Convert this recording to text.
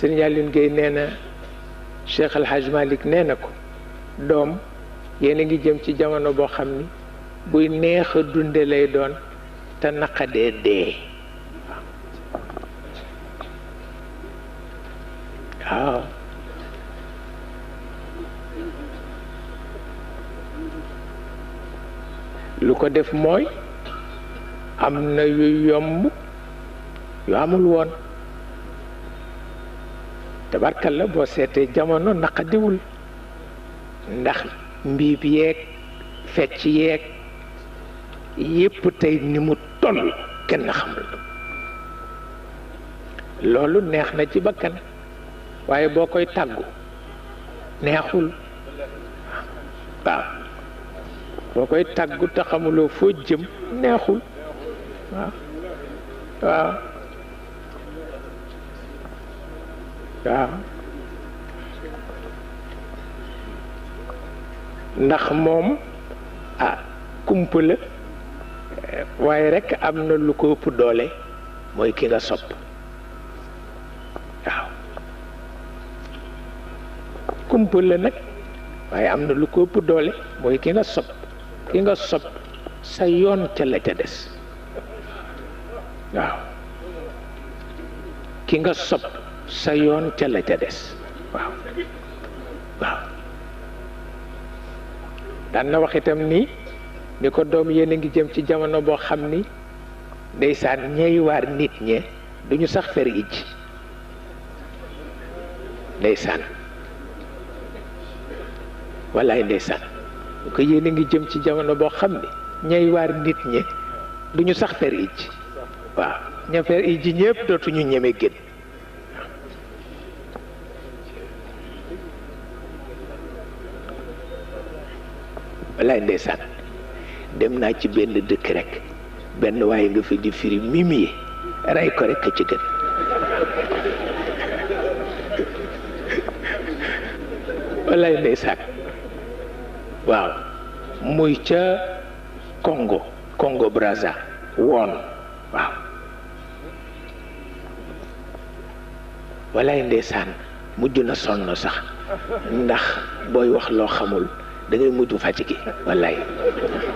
sëñ Yàllin Guèye nee na Cheikh Al Hadj na ko doom yéen ngi jëm ci jamono boo xam ni buy neex a dunde lay doon te naqadee dee waaw lu ko def mooy am na yu yomb yu amul woon tabarkal la boo seetee jamono naqadiwul ndax mbiib yéeg fecc yéeg yépp tey ni mu toll kenn xamul loolu neex na ci bakkan waaye boo koy tàggu neexul boo koy tàggu te xamuloo foo jëm neexul waaw waaw waaw ndax moom a kump la waaye rekk am na lu ko ëpp doole mooy ki nga sopp la nag waaye am na mooy ki nga sopp ki nga sopp sa yoon ca la ca des waaw ki nga sopp sa yoon ca la ca des waaw waaw daan na wax itam ni ni ko doom yéen ngi jëm ci jamono boo xam ni ndeysaan ñey waar nit ñe duñu sax fer ij ndeysaan wallaay ndeysaan bu ko yéen ngi jëm ci jamono boo xam ni ñey waar nit ñe duñu sax fer ij waaw ña fer ij ñépp dootuñu ñeme génn wallaay ndeysaan dem naa ci benn dëkk rek benn waaye nga fa di firi mimier rey ko rek a ci waaw muy ca Congo Congo Brazza woon waaw wallaay ndeysaan mujj na sonn sax ndax booy wax loo xamul da ngay mujj fatigué wallaay